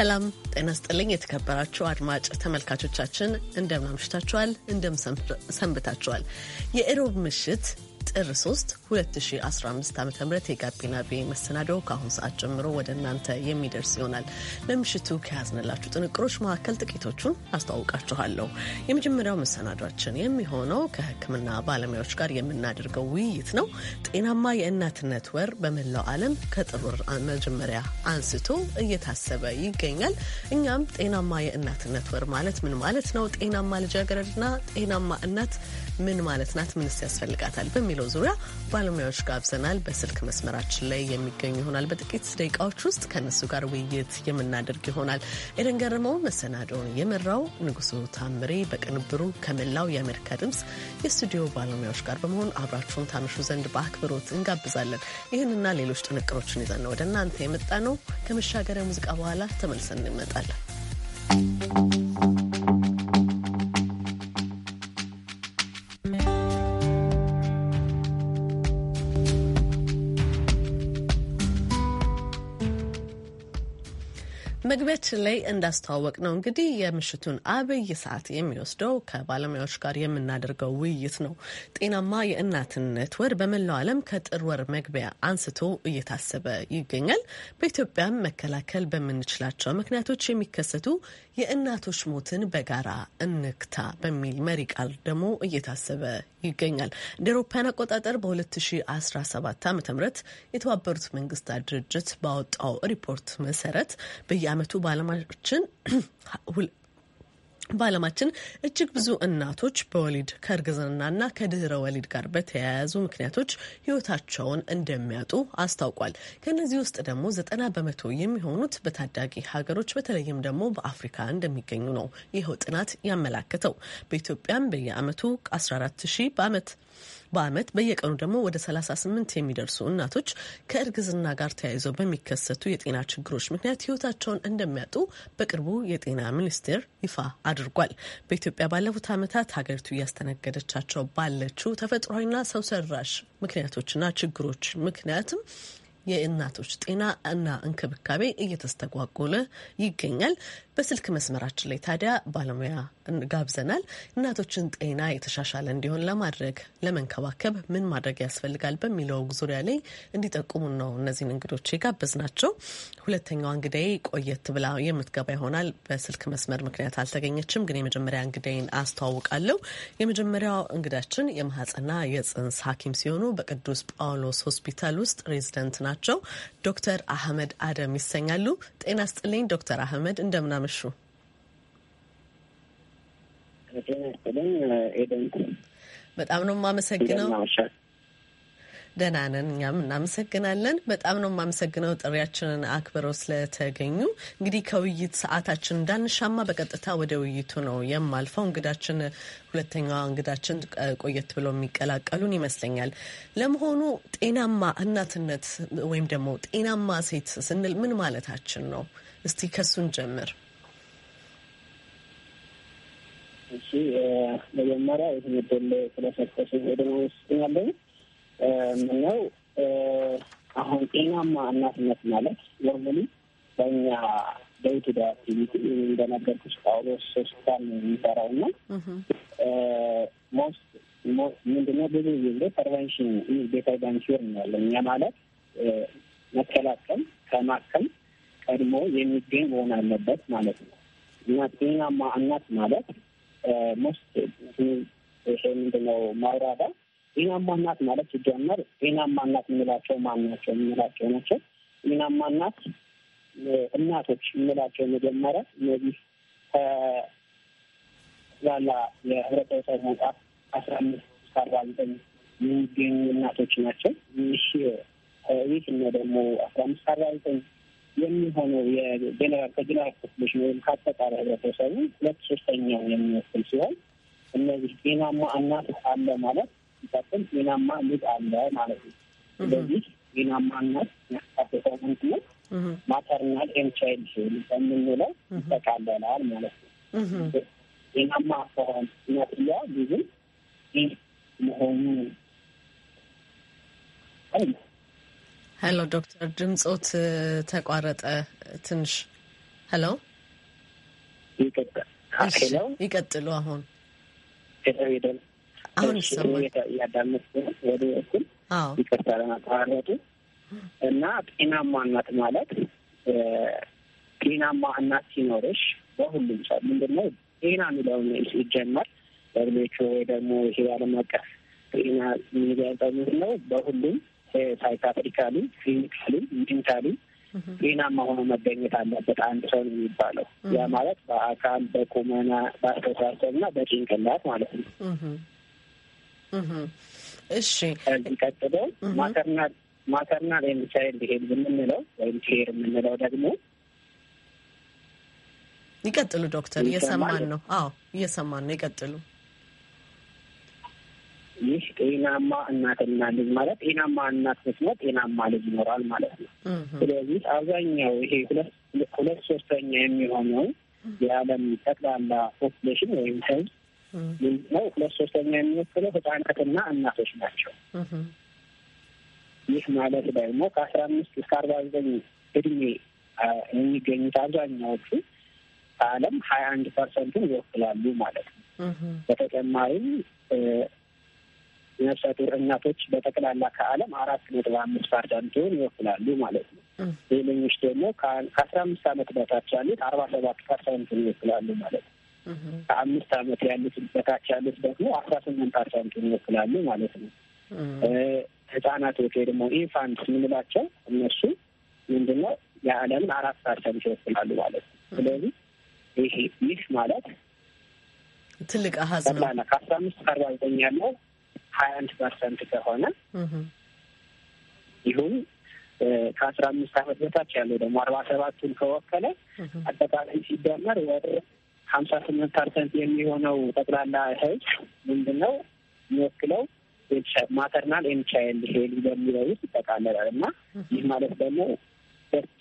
ሰላም ጤና ስጥልኝ። የተከበራችሁ አድማጭ ተመልካቾቻችን እንደምን አምሽታችኋል? እንደምን ሰንብታችኋል? የእሮብ ምሽት ጥር 3 2015 ዓ ም የጋቢና ቤ መሰናደው ከአሁን ሰዓት ጀምሮ ወደ እናንተ የሚደርስ ይሆናል። ለምሽቱ ከያዝንላችሁ ጥንቅሮች መካከል ጥቂቶቹን አስተዋውቃችኋለሁ። የመጀመሪያው መሰናዷችን የሚሆነው ከሕክምና ባለሙያዎች ጋር የምናደርገው ውይይት ነው። ጤናማ የእናትነት ወር በመላው ዓለም ከጥር መጀመሪያ አንስቶ እየታሰበ ይገኛል። እኛም ጤናማ የእናትነት ወር ማለት ምን ማለት ነው? ጤናማ ልጃገረድና ጤናማ እናት ምን ማለት ናት? ምንስ ያስፈልጋታል? በሚል በሚለው ዙሪያ ባለሙያዎች ጋብዘናል። በስልክ መስመራችን ላይ የሚገኙ ይሆናል። በጥቂት ደቂቃዎች ውስጥ ከእነሱ ጋር ውይይት የምናደርግ ይሆናል። ኤደን ገረመው መሰናዶውን የመራው ንጉሱ ታምሬ በቅንብሩ ከመላው የአሜሪካ ድምፅ የስቱዲዮ ባለሙያዎች ጋር በመሆን አብራችሁን ታምሹ ዘንድ በአክብሮት እንጋብዛለን። ይህንና ሌሎች ጥንቅሮችን ይዘን ወደ እናንተ የመጣ ነው። ከመሻገሪያ ሙዚቃ በኋላ ተመልሰን እንመጣለን። መግቢያችን ላይ እንዳስተዋወቅ ነው እንግዲህ የምሽቱን አብይ ሰዓት የሚወስደው ከባለሙያዎች ጋር የምናደርገው ውይይት ነው። ጤናማ የእናትነት ወር በመላው ዓለም ከጥር ወር መግቢያ አንስቶ እየታሰበ ይገኛል። በኢትዮጵያም መከላከል በምንችላቸው ምክንያቶች የሚከሰቱ የእናቶች ሞትን በጋራ እንክታ በሚል መሪ ቃል ደግሞ እየታሰበ ይገኛል። እንደ አውሮፓውያን አቆጣጠር በ2017 ዓ ም የተባበሩት መንግስታት ድርጅት ባወጣው ሪፖርት መሰረት በየ ዓመቱ ባለሙያዎችን በዓለማችን እጅግ ብዙ እናቶች በወሊድ ከእርግዝናና ከድህረ ወሊድ ጋር በተያያዙ ምክንያቶች ህይወታቸውን እንደሚያጡ አስታውቋል። ከእነዚህ ውስጥ ደግሞ ዘጠና በመቶ የሚሆኑት በታዳጊ ሀገሮች በተለይም ደግሞ በአፍሪካ እንደሚገኙ ነው ይኸው ጥናት ያመላከተው። በኢትዮጵያም በየአመቱ 14 ሺህ በአመት በአመት በየቀኑ ደግሞ ወደ 38 የሚደርሱ እናቶች ከእርግዝና ጋር ተያይዘው በሚከሰቱ የጤና ችግሮች ምክንያት ህይወታቸውን እንደሚያጡ በቅርቡ የጤና ሚኒስቴር ይፋ አድርጓል። በኢትዮጵያ ባለፉት አመታት ሀገሪቱ እያስተናገደቻቸው ባለችው ተፈጥሯዊና ሰው ሰራሽ ምክንያቶችና ችግሮች ምክንያትም የእናቶች ጤና እና እንክብካቤ እየተስተጓጎለ ይገኛል። በስልክ መስመራችን ላይ ታዲያ ባለሙያ ጋብዘናል። እናቶችን ጤና የተሻሻለ እንዲሆን ለማድረግ ለመንከባከብ ምን ማድረግ ያስፈልጋል በሚለው ዙሪያ ላይ እንዲጠቁሙን ነው እነዚህን እንግዶች የጋበዝ ናቸው። ሁለተኛዋ እንግዳዬ ቆየት ብላ የምትገባ ይሆናል። በስልክ መስመር ምክንያት አልተገኘችም፣ ግን የመጀመሪያ እንግዳይን አስተዋውቃለሁ። የመጀመሪያው እንግዳችን የማህፀንና የጽንስ ሐኪም ሲሆኑ በቅዱስ ጳውሎስ ሆስፒታል ውስጥ ሬዚደንት ናቸው። ዶክተር አህመድ አደም ይሰኛሉ። ጤና ስጥልኝ ዶክተር አህመድ እንደምናመሹ። በጣም ነው የማመሰግነው። ደህና ነን። እኛም እናመሰግናለን። በጣም ነው የማመሰግነው ጥሪያችንን አክብረው ስለተገኙ። እንግዲህ ከውይይት ሰዓታችን እንዳንሻማ በቀጥታ ወደ ውይይቱ ነው የማልፈው። እንግዳችን ሁለተኛዋ እንግዳችን ቆየት ብለው የሚቀላቀሉን ይመስለኛል። ለመሆኑ ጤናማ እናትነት ወይም ደግሞ ጤናማ ሴት ስንል ምን ማለታችን ነው? እስቲ ከሱን ጀምር። እሺ መጀመሪያ ይህን ድል ስለሰጠሽ ያለኝ ምነው አሁን ጤናማ እናትነት ማለት ኖርማሊ በእኛ ደውቱ ደ አክቲቪቲ እንደነገርኩሽ ጳውሎስ ሶስታን የሚሰራው እና ሞስት ምንድነው ብዙ ጊዜ ፐርቨንሽን ቤተርቨንሽር እንላለን እኛ ማለት መከላከል ከማከም ቀድሞ የሚገኝ መሆን አለበት ማለት ነው እና ጤናማ እናት ማለት ሞስት ይሄ ምንድነው ማውራዳ ጤናማ እናት ማለት ሲጀመር ጤናማ እናት የምንላቸው ማን ናቸው የምንላቸው ናቸው። ጤናማ እናት እናቶች የምንላቸው መጀመሪያ እነዚህ ከላላ የህብረተሰብ መጽሐፍ አስራ አምስት እስከ አርባ ዘጠኝ የሚገኙ እናቶች ናቸው። ይህ ይህ እና ደግሞ አስራ አምስት አርባ ዘጠኝ የሚሆነው የጀነራል ከጀነራል ፖፑሌሽን ወይም ከአጠቃላይ ህብረተሰቡ ሁለት ሶስተኛው የሚወክል ሲሆን እነዚህ ጤናማ እናት አለ ማለት ውስጥም ጤናማ ልጅ አለ ማለት ነው። ስለዚህ ጤናማነት ያካተተው ምንድነው? ማተርናል ኤንድ ቻይልድሁድ የምንለው ይጠቃለላል ማለት ነው። ጤናማ አፈራን ነትያ ብዙም መሆኑ ሄሎ ዶክተር ድምፆት ተቋረጠ ትንሽ። ሄሎ ይቀጥሉ አሁን አሁን ይሰማል። እያዳመጥኩ ወደ በኩል ይቅርታ ለማቋረጡ እና ጤናማ እናት ማለት ጤናማ እናት ሲኖርሽ በሁሉም ሰው ምንድን ነው ጤና የሚለውን ሲጀመር በብሎቹ ወይ ደግሞ ይሄ ዓለም አቀፍ ጤና የሚገልጠው ምንድን ነው? በሁሉም ሳይካትሪካሊ፣ ክሊኒካሊ፣ ሜንታሊ ጤናማ ሆኖ መገኘት አለበት አንድ ሰው ነው የሚባለው። ያ ማለት በአካል፣ በቁመና፣ በአስተሳሰብ እና በጭንቅላት ማለት ነው። እሺ ከዚህ ቀጥሎ ማተርናል ማተርናል ወይም ቻይልድ ሄድ የምንለው ወይም ኬር የምንለው ደግሞ ይቀጥሉ ዶክተር፣ እየሰማን ነው። አዎ እየሰማን ነው። ይቀጥሉ። ይህ ጤናማ እናትና ልጅ ማለት ጤናማ እናት ስትኖር ጤናማ ልጅ ይኖራል ማለት ነው። ስለዚህ አብዛኛው ይሄ ሁለት ሁለት ሶስተኛ የሚሆነው የዓለም ጠቅላላ ፖፕሌሽን ወይም ህዝብ ምንድነው ሁለት ሶስተኛ የሚወክለው ህጻናትና እናቶች ናቸው። ይህ ማለት ደግሞ ከአስራ አምስት እስከ አርባ ዘጠኝ እድሜ የሚገኙት አብዛኛዎቹ ከዓለም ሀያ አንድ ፐርሰንቱን ይወክላሉ ማለት ነው። በተጨማሪም ነፍሰ ጡር እናቶች በጠቅላላ ከዓለም አራት ነጥብ አምስት ፐርሰንቱን ይወክላሉ ማለት ነው። ሌሎኞች ደግሞ ከአስራ አምስት ዓመት በታች ያሉት አርባ ሰባት ፐርሰንቱን ይወክላሉ ማለት ነው። Mm-hmm. ከአምስት አመት ያሉት በታች ያሉት ደግሞ አስራ ስምንት ፐርሰንቱን ይወክላሉ ማለት ነው። mm-hmm. ህጻናት ወይ ደግሞ ኢንፋንት የምንላቸው እነሱ ምንድነው የዓለምን አራት ፐርሰንት ይወክላሉ ማለት ነው። mm-hmm. ስለዚህ ይሄ ይህ ማለት ትልቅ አሀዝ ነው። ከአስራ አምስት ከአርባ ዘጠኝ ያለው ሀያ አንድ ፐርሰንት ከሆነ ይሁን ከአስራ አምስት አመት በታች ያለው ደግሞ አርባ ሰባቱን ከወከለ አጠቃላይ ሲደመር ወደ ሀምሳ ስምንት ፐርሰንት የሚሆነው ጠቅላላ ህዝብ ምንድን ነው የሚወክለው ማተርናል ኤንድ ቻይልድ ሄልዝ በሚለው ውስጥ ይጠቃለላል እና ይህ ማለት ደግሞ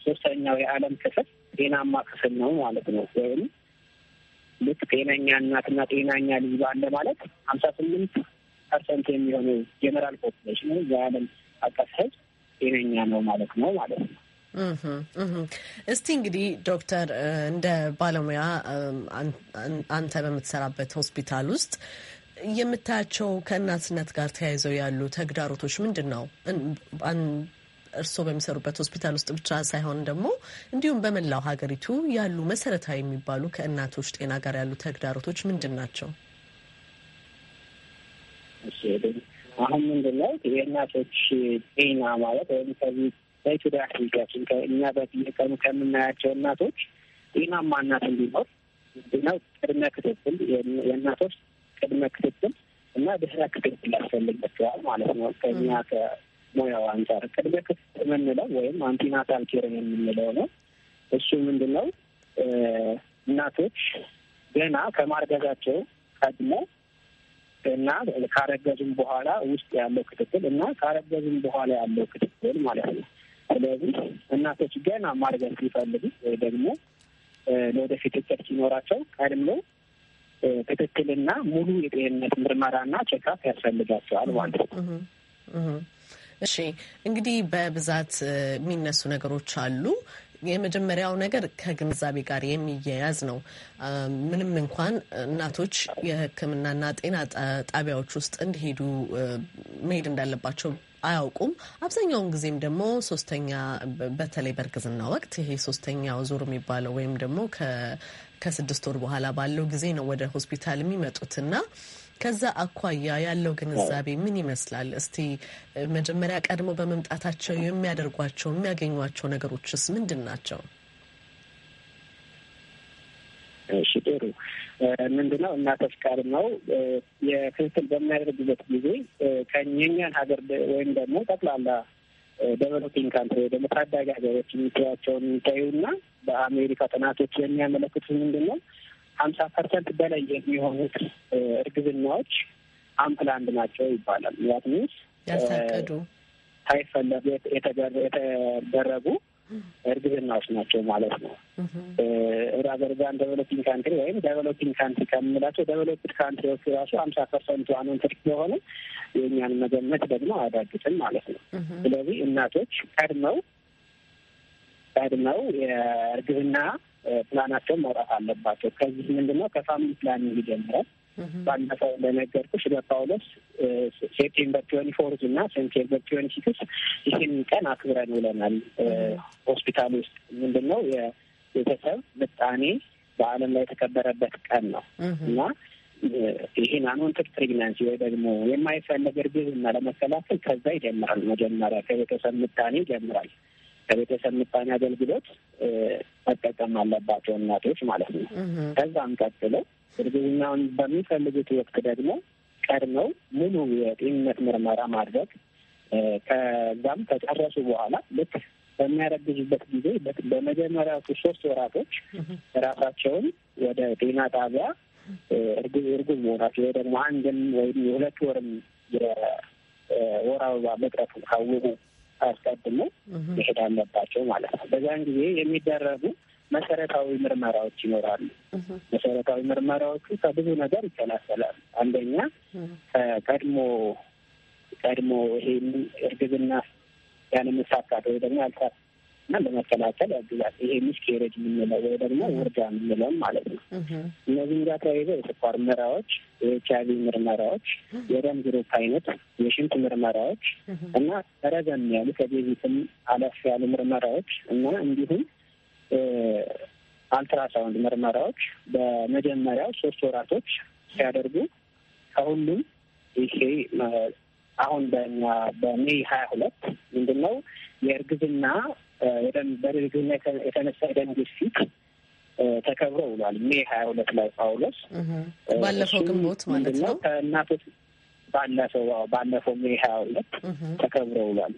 ሶስተኛው የዓለም ክፍል ጤናማ ክፍል ነው ማለት ነው። ወይም ልክ ጤነኛ እናትና ጤናኛ ልጅ ባለ ማለት ሀምሳ ስምንት ፐርሰንት የሚሆነው ጄኔራል ፖፕሌሽን የዓለም አቀፍ ህዝብ ጤነኛ ነው ማለት ነው ማለት ነው። እስቲ እንግዲህ ዶክተር እንደ ባለሙያ አንተ በምትሰራበት ሆስፒታል ውስጥ የምታያቸው ከእናትነት ጋር ተያይዘው ያሉ ተግዳሮቶች ምንድን ነው? እርስዎ በሚሰሩበት ሆስፒታል ውስጥ ብቻ ሳይሆን ደግሞ እንዲሁም በመላው ሀገሪቱ ያሉ መሰረታዊ የሚባሉ ከእናቶች ጤና ጋር ያሉ ተግዳሮቶች ምንድን ናቸው? አሁን ምንድን ነው የእናቶች ጤና ማለት ወይም ከዚህ በኢትዮጵያ ዳያስሚጋችን እኛ በየቀኑ ከምናያቸው እናቶች ጤናማ እናት እንዲኖር ምንድነው ቅድመ ክትትል የእናቶች ቅድመ ክትትል እና ድህረ ክትትል ያስፈልጋቸዋል ማለት ነው። ከኛ ከሙያው አንጻር ቅድመ ክትትል የምንለው ወይም አንቲናታል ኬር የምንለው ነው። እሱ ምንድነው እናቶች ገና ከማርገዛቸው ቀድሞ እና ካረገዙም በኋላ ውስጥ ያለው ክትትል እና ካረገዙም በኋላ ያለው ክትትል ማለት ነው። ስለዚህ እናቶች ገና ማርገዝ ሲፈልጉ ወይ ደግሞ ለወደፊት እቅድ ሲኖራቸው ቀድሞ ትክክልና ሙሉ የጤንነት ምርመራና ቼካፕ ያስፈልጋቸዋል ማለት ነው። እሺ እንግዲህ በብዛት የሚነሱ ነገሮች አሉ። የመጀመሪያው ነገር ከግንዛቤ ጋር የሚያያዝ ነው። ምንም እንኳን እናቶች የሕክምናና ጤና ጣቢያዎች ውስጥ እንዲሄዱ መሄድ እንዳለባቸው አያውቁም። አብዛኛውን ጊዜም ደግሞ ሶስተኛ በተለይ በእርግዝና ወቅት ይሄ ሶስተኛው ዙር የሚባለው ወይም ደግሞ ከስድስት ወር በኋላ ባለው ጊዜ ነው ወደ ሆስፒታል የሚመጡትና ከዛ አኳያ ያለው ግንዛቤ ምን ይመስላል? እስቲ መጀመሪያ ቀድሞ በመምጣታቸው የሚያደርጓቸው የሚያገኟቸው ነገሮችስ ምንድን ናቸው? እሺ ጥሩ ምንድነው እናቶች ቃል ነው። የክትትል በሚያደርግበት ጊዜ ከኛን ሀገር ወይም ደግሞ ጠቅላላ ደቨሎፒንግ ካንትሪ ወይ ደግሞ ታዳጊ ሀገሮች የሚታያቸውን ይታዩና በአሜሪካ ጥናቶች የሚያመለክቱት ምንድን ነው ሀምሳ ፐርሰንት በላይ የሚሆኑት እርግዝናዎች አምፕላንድ ናቸው ይባላል። ያት ሚንስ ሳይፈለጉ የተደረጉ እርግዝናዎች ናቸው ማለት ነው። ራዘር ዛን ደቨሎፒንግ ካንትሪ ወይም ደቨሎፒንግ ካንትሪ ከምንላቸው ደቨሎፕድ ካንትሪዎች ራሱ ሀምሳ ፐርሰንቱ ትርክ የሆነ የእኛን መገመት ደግሞ አያዳግትም ማለት ነው። ስለዚህ እናቶች ቀድመው ቀድመው የእርግዝና ፕላናቸውን መውጣት አለባቸው። ከዚህ ምንድነው ከፋሚሊ ፕላኒንግ ይጀምራል። Mm-hmm. ባለፈው እንደነገርኩሽ በጳውሎስ ሴፕቴምበር ትዌንቲ ፎርዝ እና ሴፕቴምበር ትዌንቲ ሲክስ ይህን ቀን አክብረን ውለናል። ሆስፒታል ውስጥ ምንድን ነው የቤተሰብ ምጣኔ በዓለም ላይ የተከበረበት ቀን ነው mm-hmm. እና ይህን አንወንትድ ፕሬግናንሲ ወይ ደግሞ የማይፈለግ እርግዝና ለመከላከል ከዛ ይጀምራል። መጀመሪያ ከቤተሰብ ምጣኔ ይጀምራል። ከቤተሰብ ምጣኔ አገልግሎት መጠቀም አለባቸው እናቶች ማለት ነው። mm-hmm. ከዛም ቀጥለው እርግዝናውን በሚፈልጉት ወቅት ደግሞ ቀድመው ሙሉ የጤንነት ምርመራ ማድረግ ከዛም ከጨረሱ በኋላ ልክ በሚያረግዙበት ጊዜ በመጀመሪያዎቹ ሶስት ወራቶች ራሳቸውን ወደ ጤና ጣቢያ እርጉዝ እርጉዝ መሆናቸው ወይ ደግሞ አንድም ወይም የሁለት ወርም የወር አበባ መቅረቱ ካወቁ አስቀድሞ መሄድ አለባቸው ማለት ነው። በዛን ጊዜ የሚደረጉ መሰረታዊ ምርመራዎች ይኖራሉ። መሰረታዊ ምርመራዎቹ ከብዙ ነገር ይከላከላል። አንደኛ ከቀድሞ ቀድሞ ይሄን እርግዝና ያለመሳካት ወይ ደግሞ ያልሳት እና ለመከላከል ያግዛል። ይሄ ሚስኬሬጅ የምንለው ወይ ደግሞ ውርጃ የምንለው ማለት ነው። እነዚህም ጋር ተያይዘው የስኳር ምርመራዎች፣ የኤች አይቪ ምርመራዎች፣ የደም ግሩፕ አይነት፣ የሽንት ምርመራዎች እና ረዘም ያሉ ከቤቢትም አለፍ ያሉ ምርመራዎች እና እንዲሁም አልትራሳውንድ ምርመራዎች በመጀመሪያው ሶስት ወራቶች ሲያደርጉ ከሁሉም ይሄ አሁን በኛ በሜይ ሀያ ሁለት ምንድን ነው የእርግዝና በእርግዝና የተነሳ የደም ግፊት ተከብሮ ውሏል። ሜይ ሀያ ሁለት ላይ ጳውሎስ ባለፈው ግንቦት ማለት ነው ከእናቶች ባለፈው ባለፈው ሜይ ሀያ ሁለት ተከብሮ ውሏል።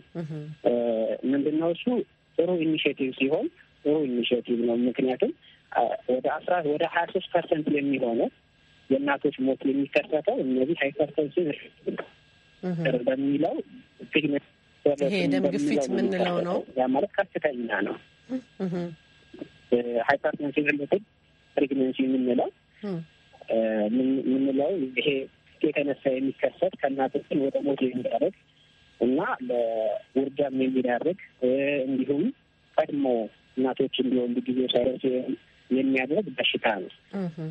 ምንድን ነው እሱ ጥሩ ኢኒሽቲቭ ሲሆን ጥሩ ኢኒሽቲቭ ነው። ምክንያቱም ወደ አስራ ወደ ሀያ ሶስት ፐርሰንት የሚሆነው የእናቶች ሞት የሚከሰተው እነዚህ ሃይፐርተንሽን በሚለው ይሄ ደም ግፊት የምንለው ነው። ያ ማለት ከፍተኛ ነው። ሃይፐርተንሽን ሪሌትድ ፕሬግነንሲ የምንለው የምንለው ይሄ የተነሳ የሚከሰት ከእናቶችን ወደ ሞት የሚዳረግ እና ለውርጃም የሚዳርግ እንዲሁም ቀድሞ እናቶች እንዲወልዱ ጊዜ ሳይደርስ የሚያደርግ በሽታ ነው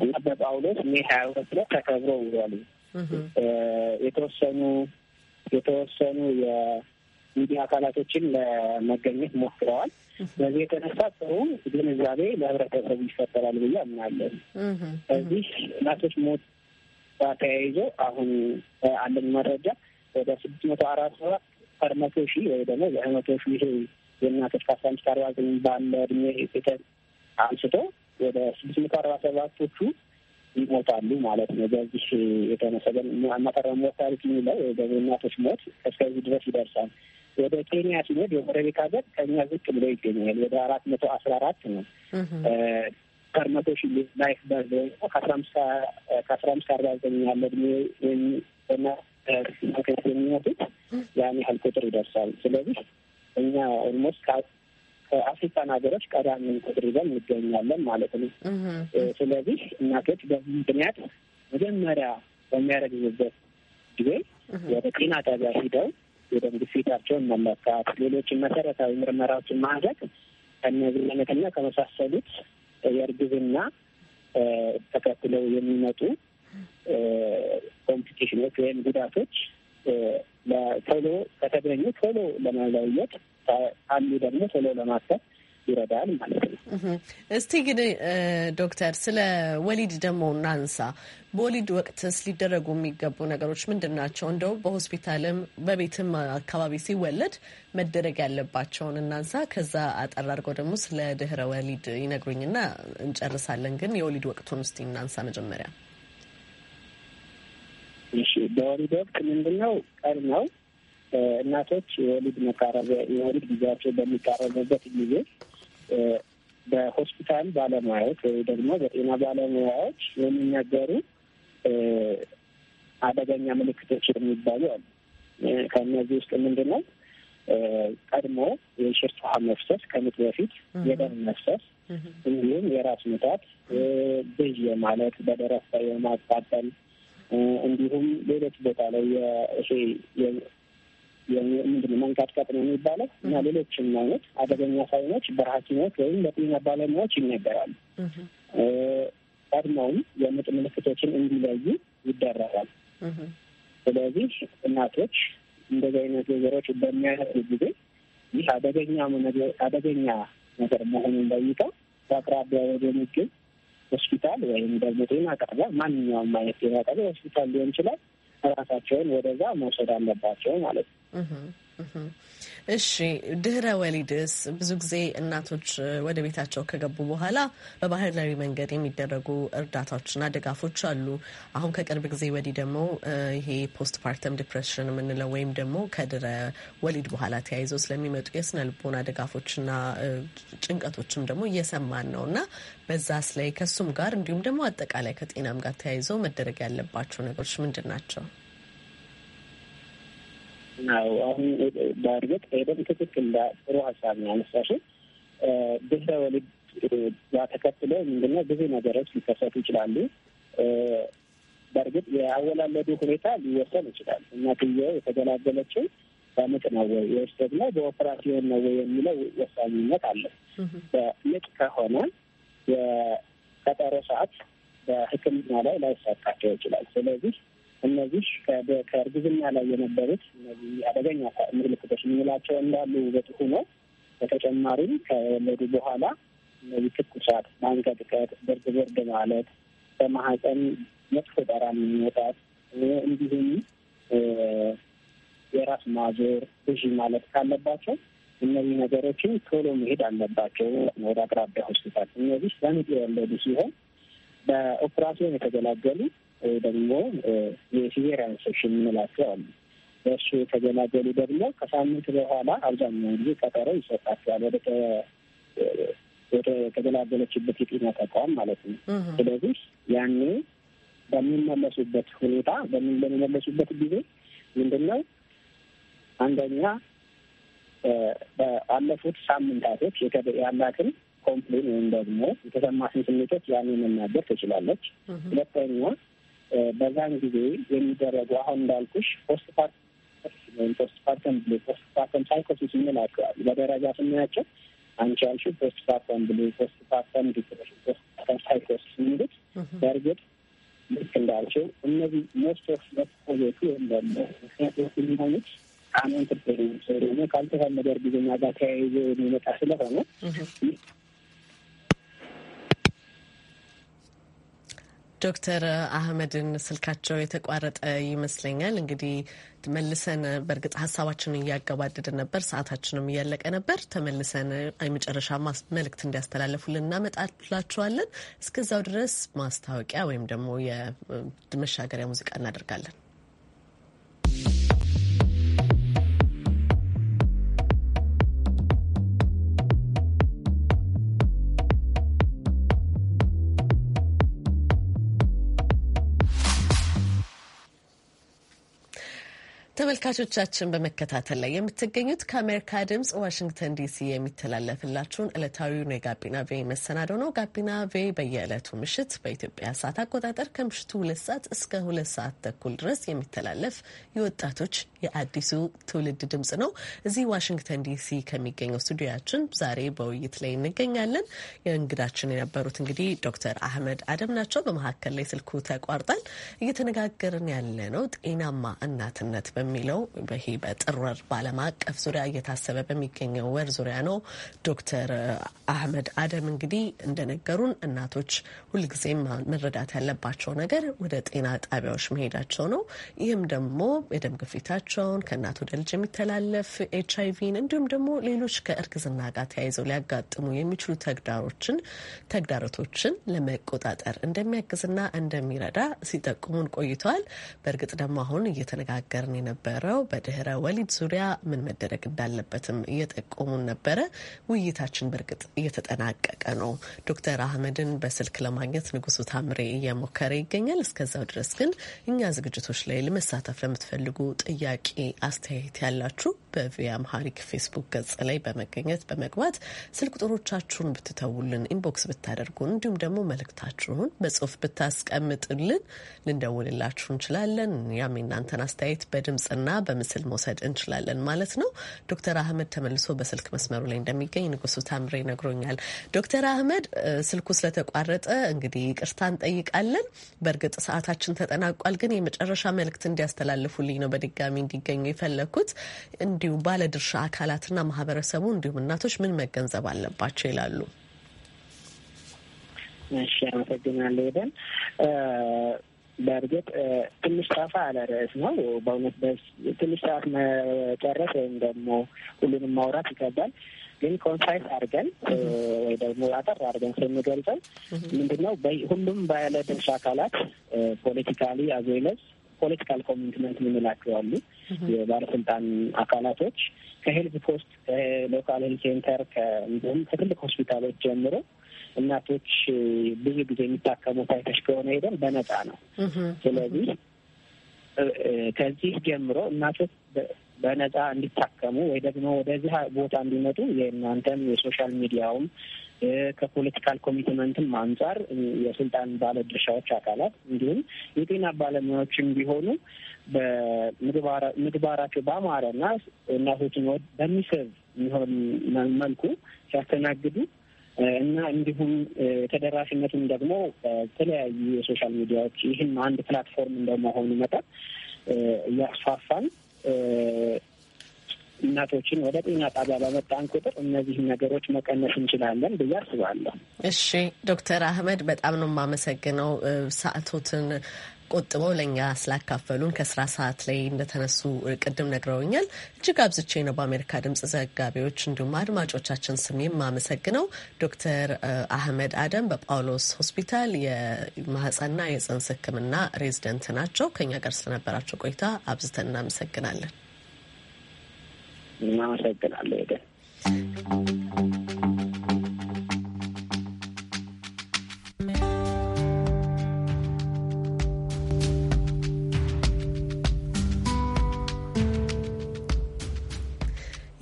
እና በጳውሎስ ሜ ሀያ ሁለት ላይ ተከብሮ ውሏል። የተወሰኑ የተወሰኑ የሚዲያ አካላቶችን ለመገኘት ሞክረዋል። በዚህ የተነሳ ጥሩ ግንዛቤ ለህብረተሰቡ ይፈጠራል ብዬ አምናለን። በዚህ እናቶች ሞት ተያይዞ አሁን አለን መረጃ ወደ ስድስት መቶ አራት ሰባት ፐርመቶ ሺህ ወይ ደግሞ በመቶ ሺህ የእናቶች ከአስራ አምስት አርባ ዘጠኝ ባለ እድሜ ሴተን አንስቶ ወደ ስድስት መቶ አርባ ሰባቶቹ ይሞታሉ ማለት ነው። በዚህ የተመሰለን አማጠራ ሞርታሊቲ የሚለው በእናቶች ሞት እስከዚህ ድረስ ይደርሳል። ወደ ኬንያ ሲሄድ የጎረቤት ሀገር ከኛ ዝቅ ብሎ ይገኛል። ወደ አራት መቶ አስራ አራት ነው ፐር መቶ ሺ ላይፍ በርዝ ወይ ከአስራ አምስት አርባ ዘጠኝ ያለ እድሜ የሚሞቱት ያን ያህል ቁጥር ይደርሳል። ስለዚህ እኛ ኦልሞስት ከአፍሪካን ሀገሮች ቀዳሚ ቁጥር ይዘን እንገኛለን ማለት ነው። ስለዚህ እናቶች በዚህ ምክንያት መጀመሪያ በሚያረግዝበት ጊዜ ወደ ጤና ጣቢያ ሂደው የደም ግፊታቸውን መለካት፣ ሌሎችን መሰረታዊ ምርመራዎችን ማድረግ ከእነዚህ አይነትና ከመሳሰሉት የእርግዝና ተከትለው የሚመጡ ኮምፕሊኬሽኖች ወይም ጉዳቶች ቶሎ ከተገኙ ቶሎ ለመለየት አንዱ ደግሞ ቶሎ ለማሰብ ይረዳል ማለት ነው። እስቲ ግን ዶክተር ስለ ወሊድ ደግሞ እናንሳ። በወሊድ ወቅትስ ሊደረጉ የሚገቡ ነገሮች ምንድን ናቸው? እንደው በሆስፒታልም በቤትም አካባቢ ሲወለድ መደረግ ያለባቸውን እናንሳ። ከዛ አጠር ደግሞ ስለ ድህረ ወሊድ ይነግሩኝና እንጨርሳለን። ግን የወሊድ ወቅቱን እስቲ እናንሳ መጀመሪያ በወሊድ ወቅት ምንድን ነው? ቀን ነው። እናቶች የወሊድ መቃረቢያ የወሊድ ጊዜያቸው በሚቃረቡበት ጊዜ በሆስፒታል ባለሙያዎች ወይ ደግሞ በጤና ባለሙያዎች የሚነገሩ አደገኛ ምልክቶች የሚባሉ አሉ። ከእነዚህ ውስጥ ምንድን ነው ቀድሞ የሽርት ውሃ መፍሰስ ከምጥ በፊት የደም መፍሰስ፣ እንዲሁም የራስ ምታት፣ ብዥ ማለት፣ በደረት ላይ የማቃጠል እንዲሁም ሌሎች ቦታ ላይ ይሄ ምንድን መንቀጥቀጥ ነው የሚባለው እና ሌሎችም አይነት አደገኛ ሳይኖች በሐኪሞች ወይም በጤና ባለሙያዎች ይነገራሉ። ቀድመውም የምጥ ምልክቶችን እንዲለዩ ይደረጋል። ስለዚህ እናቶች እንደዚህ አይነት ነገሮች በሚያነሱ ጊዜ ይህ አደገኛ አደገኛ ነገር መሆኑን ለይተው በአቅራቢያ ወደሚገኝ ሆስፒታል ወይም ደግሞ ጤና ጣቢያ ማንኛውም አይነት ጤና ጣቢያ ሆስፒታል ሊሆን ይችላል ራሳቸውን ወደዛ መውሰድ አለባቸው ማለት ነው። እሺ ድህረ ወሊድስ ብዙ ጊዜ እናቶች ወደ ቤታቸው ከገቡ በኋላ በባህላዊ መንገድ የሚደረጉ እርዳታዎችና ድጋፎች አሉ። አሁን ከቅርብ ጊዜ ወዲህ ደግሞ ይሄ ፖስት ፓርተም ዲፕሬሽን የምንለው ወይም ደግሞ ከድረ ወሊድ በኋላ ተያይዘው ስለሚመጡ የስነ ልቦና ድጋፎችና ጭንቀቶችም ደግሞ እየሰማን ነው እና በዛስ ላይ ከሱም ጋር እንዲሁም ደግሞ አጠቃላይ ከጤናም ጋር ተያይዘው መደረግ ያለባቸው ነገሮች ምንድን ናቸው? ነው። አሁን በእርግጥ ሄደን ትክክል ጥሩ ሀሳብ ነው ያነሳሽው። ድህረ ወሊድ ተከትሎ ምንድነው ብዙ ነገሮች ሊከሰቱ ይችላሉ። በእርግጥ የአወላለዱ ሁኔታ ሊወሰን ይችላል። እናትየው የተገላገለችው በምጥ ነው ወይ ወይስ ደግሞ በኦፕራሲዮን ነው ወይ የሚለው ወሳኝነት አለ። በምጥ ከሆነ የቀጠሮ ሰዓት በሕክምና ላይ ላይሳካቸው ይችላል። ስለዚህ እነዚህ ከእርግዝና ላይ የነበሩት እነዚህ አደገኛ ምልክቶች የምንላቸው እንዳሉ ውበት ሆኖ በተጨማሪም ከወለዱ በኋላ እነዚህ ትኩሳት፣ ማንቀጥቀጥ፣ ብርድ ብርድ ማለት፣ በማህፀን መጥፎ ጠራ የሚወጣት እንዲሁም የራስ ማዞር፣ ብዥ ማለት ካለባቸው እነዚህ ነገሮችን ቶሎ መሄድ አለባቸው ወደ አቅራቢያ ሆስፒታል። እነዚህ በምጥ የወለዱ ሲሆን በኦፕራሲዮን የተገላገሉ ደግሞ የሲቪር የምንላቸው አሉ። በእሱ የተገላገሉ ደግሞ ከሳምንት በኋላ አብዛኛውን ጊዜ ቀጠሮ ይሰጣቸዋል ወደ የተገላገለችበት የጤና ተቋም ማለት ነው። ስለዚህ ያኔ በሚመለሱበት ሁኔታ በሚመለሱበት ጊዜ ምንድነው አንደኛ በአለፉት ሳምንታቶች ያላትን ኮምፕሌን ወይም ደግሞ የተሰማትን ስሜቶች ያኔ መናገር ትችላለች። ሁለተኛ በዛን ጊዜ የሚደረጉ አሁን እንዳልኩሽ ፖስት ፓርተም ፖስት ፓርተም ብሉ ፖስት ፓርተም ሳይኮሲስ የምንላቸዋል በደረጃ ስናያቸው አንቺ ያልሽው ፖስት ፓርተም ብሉ፣ ፖስት ፓርተም ዲፕሬሽን፣ ፖስት ፓርተም ሳይኮሲስ የሚሉት በእርግጥ ልክ እንዳልሽው እነዚህ ሞስት ኦፍ መቆየቱ ወይም ደግሞ ምክንያቶች የሚሆኑት ከአመንት ደግሞ ካልተፈለገ እርግዝና ጋር ተያይዞ የሚመጣ ስለሆነ ዶክተር አህመድን ስልካቸው የተቋረጠ ይመስለኛል። እንግዲህ መልሰን በእርግጥ ሀሳባችንን እያገባደደ ነበር፣ ሰዓታችንም እያለቀ ነበር። ተመልሰን የመጨረሻ መልእክት እንዲያስተላለፉልን እናመጣላችኋለን። እስከዛው ድረስ ማስታወቂያ ወይም ደግሞ የመሻገሪያ ሙዚቃ እናደርጋለን። ተመልካቾቻችን በመከታተል ላይ የምትገኙት ከአሜሪካ ድምጽ ዋሽንግተን ዲሲ የሚተላለፍላችሁን እለታዊውን የጋቢና ቬ መሰናዶ ነው። ጋቢና ቬ በየዕለቱ ምሽት በኢትዮጵያ ሰዓት አቆጣጠር ከምሽቱ ሁለት ሰዓት እስከ ሁለት ሰዓት ተኩል ድረስ የሚተላለፍ የወጣቶች የአዲሱ ትውልድ ድምጽ ነው። እዚህ ዋሽንግተን ዲሲ ከሚገኘው ስቱዲያችን ዛሬ በውይይት ላይ እንገኛለን። የእንግዳችን የነበሩት እንግዲህ ዶክተር አህመድ አደም ናቸው። በመካከል ላይ ስልኩ ተቋርጧል። እየተነጋገርን ያለ ነው ጤናማ እናትነት በሚለው ይሄ በጥር ወር በዓለም አቀፍ ዙሪያ እየታሰበ በሚገኘው ወር ዙሪያ ነው። ዶክተር አህመድ አደም እንግዲህ እንደነገሩን እናቶች ሁልጊዜም መረዳት ያለባቸው ነገር ወደ ጤና ጣቢያዎች መሄዳቸው ነው። ይህም ደግሞ የደም ግፊታቸውን ከእናት ወደ ልጅ የሚተላለፍ ኤች አይቪን እንዲሁም ደግሞ ሌሎች ከእርግዝና ጋር ተያይዘው ሊያጋጥሙ የሚችሉ ተግዳሮችን ተግዳሮቶችን ለመቆጣጠር እንደሚያግዝና እንደሚረዳ ሲጠቁሙን ቆይተዋል። በእርግጥ ደግሞ አሁን እየተነጋገርን የነበረው በድህረ ወሊድ ዙሪያ ምን መደረግ እንዳለበትም እየጠቆሙን ነበረ። ውይይታችን በእርግጥ እየተጠናቀቀ ነው። ዶክተር አህመድን በስልክ ለማግኘት ንጉሱ ታምሬ እየሞከረ ይገኛል። እስከዛው ድረስ ግን እኛ ዝግጅቶች ላይ ለመሳተፍ ለምትፈልጉ ጥያቄ፣ አስተያየት ያላችሁ በቪያ አምሃሪክ ፌስቡክ ገጽ ላይ በመገኘት በመግባት ስልክ ቁጥሮቻችሁን ብትተውልን፣ ኢንቦክስ ብታደርጉን፣ እንዲሁም ደግሞ መልእክታችሁን በጽሁፍ ብታስቀምጥልን ልንደውልላችሁ እንችላለን። ያም የናንተን አስተያየት በድምጽ በድምፅና በምስል መውሰድ እንችላለን ማለት ነው። ዶክተር አህመድ ተመልሶ በስልክ መስመሩ ላይ እንደሚገኝ ንጉሱ ታምሬ ነግሮኛል። ዶክተር አህመድ ስልኩ ስለተቋረጠ እንግዲህ ይቅርታ እንጠይቃለን። በእርግጥ ሰዓታችን ተጠናቋል፣ ግን የመጨረሻ መልእክት እንዲያስተላልፉልኝ ነው በድጋሚ እንዲገኙ የፈለግኩት። እንዲሁ ባለድርሻ አካላትና ማህበረሰቡ እንዲሁም እናቶች ምን መገንዘብ አለባቸው ይላሉ? እሺ፣ አመሰግናለሁ። በእርግጥ ትንሽ ሰፋ ያለ ርዕስ ነው። በእውነት ትንሽ ሰዓት መጨረስ ወይም ደግሞ ሁሉንም ማውራት ይከብዳል። ግን ኮንሳይስ አድርገን ወይ ደግሞ አጠር አድርገን ስንገልጸው ምንድነው ሁሉም ባለድርሻ አካላት ፖለቲካሊ አዞይለስ ፖለቲካል ኮሚትመንት የምንላቸው አሉ። የባለስልጣን አካላቶች ከሄልዝ ፖስት፣ ከሎካል ሄልዝ ሴንተር እንዲሁም ከትልቅ ሆስፒታሎች ጀምሮ እናቶች ብዙ ጊዜ የሚታከሙት አይተሽ ከሆነ ሄደን በነፃ ነው። ስለዚህ ከዚህ ጀምሮ እናቶች በነፃ እንዲታከሙ ወይ ደግሞ ወደዚህ ቦታ እንዲመጡ የእናንተም የሶሻል ሚዲያውም ከፖለቲካል ኮሚትመንትም አንጻር የስልጣን ባለድርሻዎች አካላት እንዲሁም የጤና ባለሙያዎችም ቢሆኑ ምግባራቸው በአማረና እናቶችን በሚስብ የሚሆን መልኩ ሲያስተናግዱ እና እንዲሁም ተደራሽነቱም ደግሞ በተለያዩ የሶሻል ሚዲያዎች ይህም አንድ ፕላትፎርም እንደመሆኑ መጠን እያስፋፋን እናቶችን ወደ ጤና ጣቢያ በመጣን ቁጥር እነዚህን ነገሮች መቀነስ እንችላለን ብዬ አስባለሁ። እሺ ዶክተር አህመድ በጣም ነው የማመሰግነው ሰዓቶትን ቆጥበው ለእኛ ስላካፈሉን ከስራ ሰዓት ላይ እንደተነሱ ቅድም ነግረውኛል። እጅግ አብዝቼ ነው በአሜሪካ ድምጽ ዘጋቢዎች እንዲሁም አድማጮቻችን ስም የማመሰግነው ዶክተር አህመድ አደም በጳውሎስ ሆስፒታል የማህፀንና የጽንስ ሕክምና ሬዚደንት ናቸው። ከኛ ጋር ስለነበራቸው ቆይታ አብዝተን እናመሰግናለን። እናመሰግናለሁ።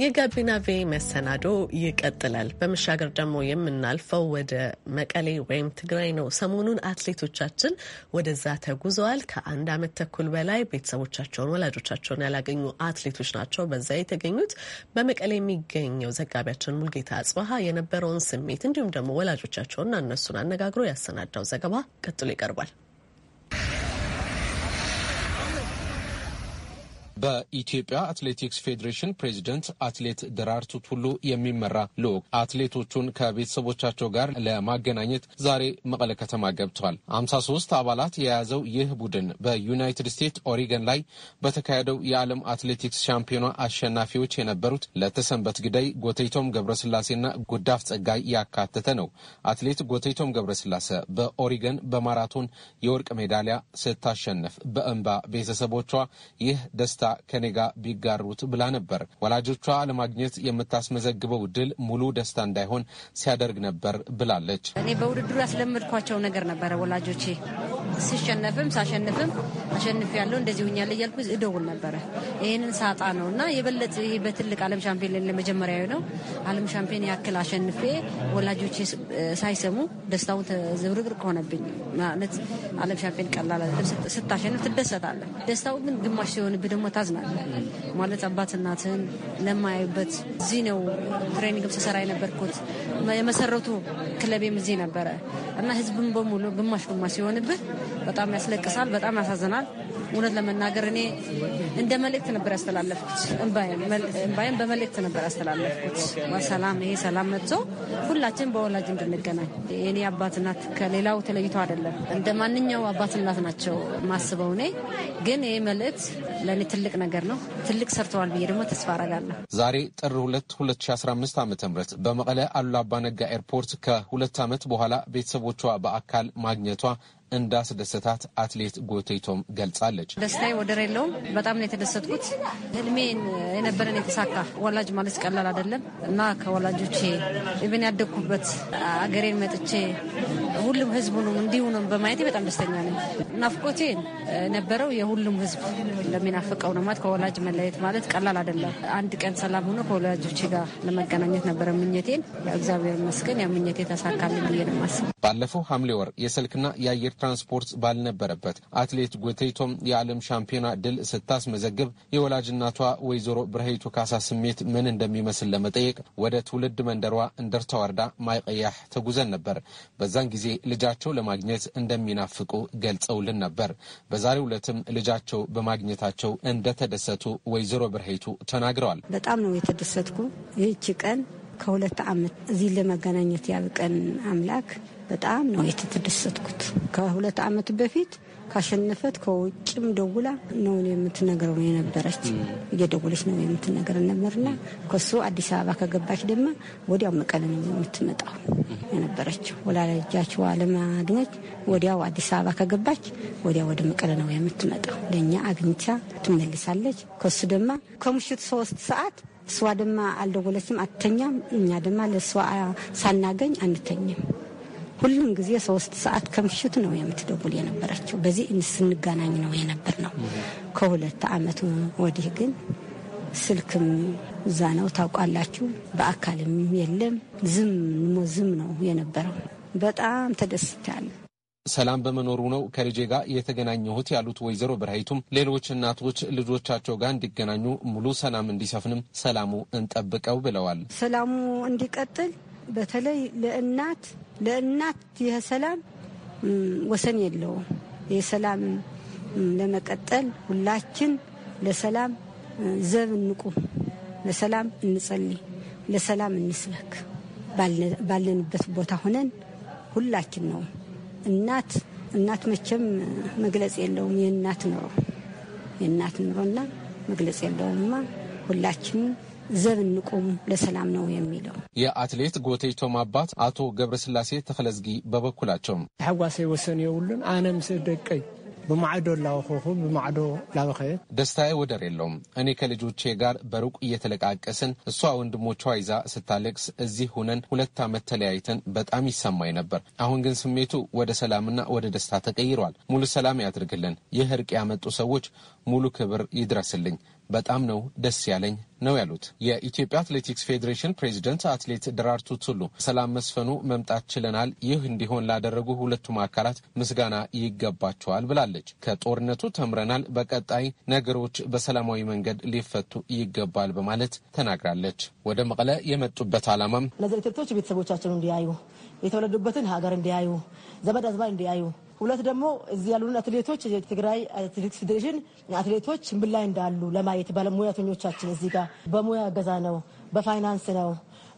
የጋቢና ቬ መሰናዶ ይቀጥላል። በመሻገር ደግሞ የምናልፈው ወደ መቀሌ ወይም ትግራይ ነው። ሰሞኑን አትሌቶቻችን ወደዛ ተጉዘዋል። ከአንድ ዓመት ተኩል በላይ ቤተሰቦቻቸውን፣ ወላጆቻቸውን ያላገኙ አትሌቶች ናቸው በዛ የተገኙት። በመቀሌ የሚገኘው ዘጋቢያችን ሙልጌታ አጽባሀ የነበረውን ስሜት እንዲሁም ደግሞ ወላጆቻቸውና እነሱን አነጋግሮ ያሰናዳው ዘገባ ቀጥሎ ይቀርባል። በኢትዮጵያ አትሌቲክስ ፌዴሬሽን ፕሬዚደንት አትሌት ደራርቱ ቱሉ የሚመራ ልዑክ አትሌቶቹን ከቤተሰቦቻቸው ጋር ለማገናኘት ዛሬ መቀለ ከተማ ገብተዋል። ሃምሳ ሶስት አባላት የያዘው ይህ ቡድን በዩናይትድ ስቴትስ ኦሪገን ላይ በተካሄደው የዓለም አትሌቲክስ ሻምፒዮና አሸናፊዎች የነበሩት ለተሰንበት ግዳይ፣ ጎተይቶም ገብረስላሴና ጉዳፍ ጸጋይ ያካተተ ነው። አትሌት ጎተይቶም ገብረስላሴ በኦሪገን በማራቶን የወርቅ ሜዳሊያ ስታሸነፍ በእንባ ቤተሰቦቿ ይህ ደስታ ከኔ ጋር ቢጋሩት ብላ ነበር። ወላጆቿ ለማግኘት የምታስመዘግበው ድል ሙሉ ደስታ እንዳይሆን ሲያደርግ ነበር ብላለች። እኔ በውድድሩ ያስለመድኳቸው ነገር ነበረ ወላጆቼ ሲሸነፍም ሳሸንፍም አሸንፍ ያለው እንደዚህ ሆኛለሁ እያልኩ እደውል ነበረ። ይህንን ሳጣ ነው እና የበለጠ ይሄ በትልቅ ዓለም ሻምፒዮን ለመጀመሪያዊ ነው ዓለም ሻምፒዮን ያክል አሸንፌ ወላጆቼ ሳይሰሙ ደስታውን ተዝብርግር ከሆነብኝ ማለት ዓለም ሻምፒዮን ቀላል ስታሸንፍ ትደሰታለ ደስታው ግን ግማሽ ሲሆንብህ ደግሞ ታዝናለ። ማለት አባት እናትህን ለማያዩበት እዚህ ነው ትሬኒንግም ስሰራ የነበርኩት የመሰረቱ ክለቤም እዚህ ነበረ እና ህዝብም በሙሉ ግማሽ ግማሽ ሲሆንብህ በጣም ያስለቅሳል፣ በጣም ያሳዝናል። እውነት ለመናገር እኔ እንደ መልእክት ነበር ያስተላለፍኩት። እምባይም በመልእክት ነበር ያስተላለፍኩት። ሰላም ይሄ ሰላም መጥቶ ሁላችን በወላጅ እንድንገናኝ። እኔ አባትናት ከሌላው ተለይቶ አይደለም፣ እንደ ማንኛው አባትናት ናቸው ማስበው። እኔ ግን ይሄ መልእክት ለእኔ ትልቅ ነገር ነው። ትልቅ ሰርተዋል ብዬ ደግሞ ተስፋ አረጋለሁ። ዛሬ ጥር 2 2015 ዓ ም በመቀለ አሉላ አባ ነጋ ኤርፖርት ከሁለት ዓመት በኋላ ቤተሰቦቿ በአካል ማግኘቷ እንዳስደሰታት አትሌት ጎቴቶም ገልጻለች። ደስታዬ ወደር የለውም። በጣም ነው የተደሰትኩት። ህልሜን የነበረን የተሳካ ወላጅ ማለት ቀላል አይደለም እና ከወላጆቼ ብን ያደግኩበት አገሬን መጥቼ ሁሉም ህዝቡንም እንዲሁ ነው በማየቴ በጣም ደስተኛ ነኝ። ናፍቆቴ የነበረው የሁሉም ህዝብ ለሚናፍቀው ነው ማለት ከወላጅ መለየት ማለት ቀላል አይደለም። አንድ ቀን ሰላም ሆኖ ከወላጆቼ ጋር ለመገናኘት ነበረ ምኘቴን። እግዚአብሔር ይመስገን ያ ምኘቴ ብዬ ነው የማስበው። ባለፈው ሐምሌ ወር የስልክና የአየር ትራንስፖርት ባልነበረበት አትሌት ጎቴይቶም የዓለም ሻምፒዮና ድል ስታስመዘግብ የወላጅ ወይዘሮ ብርሃይቱ ካሳ ስሜት ምን እንደሚመስል ለመጠየቅ ወደ ትውልድ መንደሯ እንደርታ ወረዳ ማይቀያሕ ተጉዘን ነበር። በዛን ጊዜ ልጃቸው ለማግኘት እንደሚናፍቁ ገልጸውልን ነበር። በዛሬው ዕለትም ልጃቸው በማግኘታቸው እንደተደሰቱ ወይዘሮ ብርሃይቱ ተናግረዋል። በጣም ነው የተደሰትኩ ይህቺ ቀን ከሁለት ዓመት እዚህ ለመገናኘት ያብቀን አምላክ በጣም ነው የተደሰትኩት። ከሁለት ዓመት በፊት ካሸነፈት ከውጭም ደውላ ነው የምትነግረው የነበረች እየደውለች ነው የምትነግረን ነበርና ከሱ አዲስ አበባ ከገባች ደግሞ ወዲያው መቀለ ነው የምትመጣው የነበረች ወላጃችዋ ለማግኘት ወዲያው አዲስ አበባ ከገባች ወዲያ ወደ መቀለ ነው የምትመጣው። ለእኛ አግኝቻ ትመልሳለች። ከሱ ድማ ከምሽት ሶስት ሰዓት እሷ ደማ አልደወለችም፣ አትተኛም። እኛ ደማ ለእሷ ሳናገኝ አንተኝም። ሁሉም ጊዜ ሶስት ሰዓት ከምሽት ነው የምትደውል የነበረችው። በዚህ ስንገናኝ ነው የነበር ነው። ከሁለት ዓመት ወዲህ ግን ስልክም እዛ ነው ታውቋላችሁ፣ በአካልም የለም። ዝም ዝም ነው የነበረው። በጣም ተደስቻለ። ሰላም በመኖሩ ነው ከልጄ ጋር የተገናኘሁት ያሉት ወይዘሮ ብርሃይቱም ሌሎች እናቶች ልጆቻቸው ጋር እንዲገናኙ ሙሉ ሰላም እንዲሰፍንም ሰላሙ እንጠብቀው ብለዋል። ሰላሙ እንዲቀጥል በተለይ ለእናት ለእናት የሰላም ወሰን የለውም። የሰላም ሰላም ለመቀጠል ሁላችን ለሰላም ዘብ እንቁም፣ ለሰላም እንጸልይ፣ ለሰላም እንስበክ። ባለንበት ቦታ ሆነን ሁላችን ነው እናት እናት መቼም መግለጽ የለውም። የእናት ኑሮ የእናት ኑሮና መግለጽ የለውምማ ሁላችንም ዘብ እንቁም ለሰላም ነው የሚለው የአትሌት ጎቴቶም አባት አቶ ገብረስላሴ ተፈለዝጊ በበኩላቸው ተሐዋሰይ ወሰን የብሉን አነምስ ደቀይ ብማዕዶ ላወኸኹ ብማዕዶ ላበኸ ደስታዬ ወደር የለውም። እኔ ከልጆቼ ጋር በሩቅ እየተለቃቀስን እሷ ወንድሞቿ ይዛ ስታለቅስ እዚህ ሁነን ሁለት ዓመት ተለያይተን በጣም ይሰማኝ ነበር። አሁን ግን ስሜቱ ወደ ሰላምና ወደ ደስታ ተቀይሯል። ሙሉ ሰላም ያድርግልን። ይህ እርቅ ያመጡ ሰዎች ሙሉ ክብር ይድረስልኝ። በጣም ነው ደስ ያለኝ ነው ያሉት የኢትዮጵያ አትሌቲክስ ፌዴሬሽን ፕሬዚደንት አትሌት ደራርቱ ቱሉ። ሰላም መስፈኑ መምጣት ችለናል። ይህ እንዲሆን ላደረጉ ሁለቱም አካላት ምስጋና ይገባቸዋል ብላለች። ከጦርነቱ ተምረናል። በቀጣይ ነገሮች በሰላማዊ መንገድ ሊፈቱ ይገባል በማለት ተናግራለች። ወደ መቀለ የመጡበት አላማም እነዚህ ቤተሰቦቻቸውን እንዲያዩ፣ የተወለዱበትን ሀገር እንዲያዩ፣ ዘመድ አዝማድ እንዲያዩ ሁለት ደግሞ እዚህ ያሉን አትሌቶች የትግራይ አትሌቲክስ ፌዴሬሽን አትሌቶች ምን ላይ እንዳሉ ለማየት ባለሙያተኞቻችን እዚህ ጋር በሙያ ገዛ ነው፣ በፋይናንስ ነው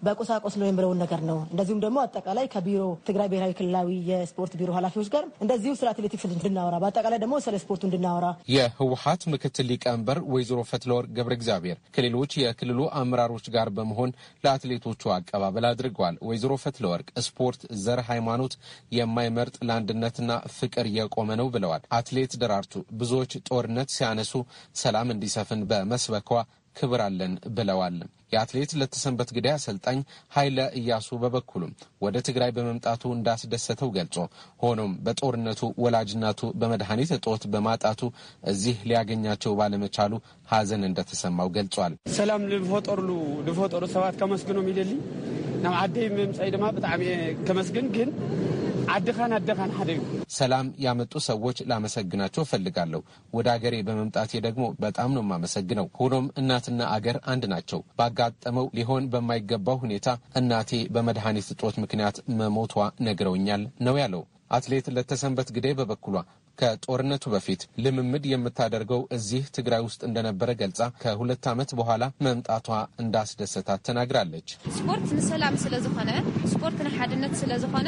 በቁሳቁስ ነው የምለውን ነገር ነው። እንደዚሁም ደግሞ አጠቃላይ ከቢሮ ትግራይ ብሔራዊ ክልላዊ የስፖርት ቢሮ ኃላፊዎች ጋር እንደዚሁ ስለ አትሌቲክስ እንድናወራ በአጠቃላይ ደግሞ ስለ ስፖርቱ እንድናወራ የህወሀት ምክትል ሊቀመንበር ወይዘሮ ፈትለወርቅ ገብረ እግዚአብሔር ከሌሎች የክልሉ አመራሮች ጋር በመሆን ለአትሌቶቹ አቀባበል አድርገዋል። ወይዘሮ ፈትለወርቅ ስፖርት ዘር፣ ሃይማኖት የማይመርጥ ለአንድነትና ፍቅር የቆመ ነው ብለዋል። አትሌት ደራርቱ ብዙዎች ጦርነት ሲያነሱ ሰላም እንዲሰፍን በመስበኳ ክብር አለን ብለዋል። የአትሌት ለተሰንበት ግዳይ አሰልጣኝ ኃይለ እያሱ በበኩሉም ወደ ትግራይ በመምጣቱ እንዳስደሰተው ገልጾ ሆኖም በጦርነቱ ወላጅናቱ በመድኃኒት እጦት በማጣቱ እዚህ ሊያገኛቸው ባለመቻሉ ሐዘን እንደተሰማው ገልጿል። ሰላም ዝፈጠርሉ ዝፈጠሩ ሰባት ከመስግኖም ይደልኝ ናብ ዓደይ ምምፀይ ድማ ብጣዕሚ ከመስግን ግን አደኻን አደኻን ሓደ እዩ ሰላም ያመጡ ሰዎች ላመሰግናቸው እፈልጋለሁ። ወደ አገሬ በመምጣቴ ደግሞ በጣም ነው የማመሰግነው። ሆኖም እናትና አገር አንድ ናቸው። ባጋጠመው ሊሆን በማይገባው ሁኔታ እናቴ በመድኃኒት እጦት ምክንያት መሞቷ ነግረውኛል ነው ያለው። አትሌት ለተሰንበት ግዴ በበኩሏ ከጦርነቱ በፊት ልምምድ የምታደርገው እዚህ ትግራይ ውስጥ እንደነበረ ገልጻ ከሁለት ዓመት በኋላ መምጣቷ እንዳስደሰታት ተናግራለች። ስፖርት ንሰላም ስለዝኾነ ስፖርት ንሓድነት ስለዝኾነ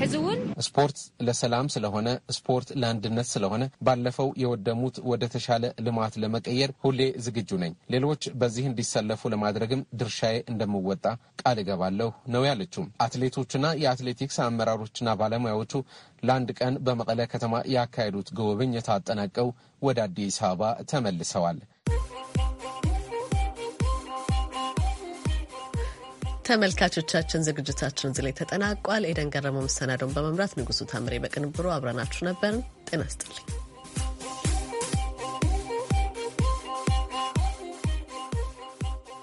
ህዝቡን ስፖርት ለሰላም ስለሆነ ስፖርት ለአንድነት ስለሆነ ባለፈው የወደሙት ወደ ተሻለ ልማት ለመቀየር ሁሌ ዝግጁ ነኝ። ሌሎች በዚህ እንዲሰለፉ ለማድረግም ድርሻዬ እንደምወጣ ቃል እገባለሁ ነው ያለችው። አትሌቶቹና የአትሌቲክስ አመራሮችና ባለሙያዎቹ ለአንድ ቀን በመቀለ ከተማ ያካሄዱት ጉብኝት አጠናቀው ወደ አዲስ አበባ ተመልሰዋል። ተመልካቾቻችን ዝግጅታችን እዚህ ላይ ተጠናቋል። ኤደን ገረመው መሰናዶውን በመምራት ንጉሱ ታምሬ በቅንብሩ አብረናችሁ ነበርን። ጤና ይስጥልኝ።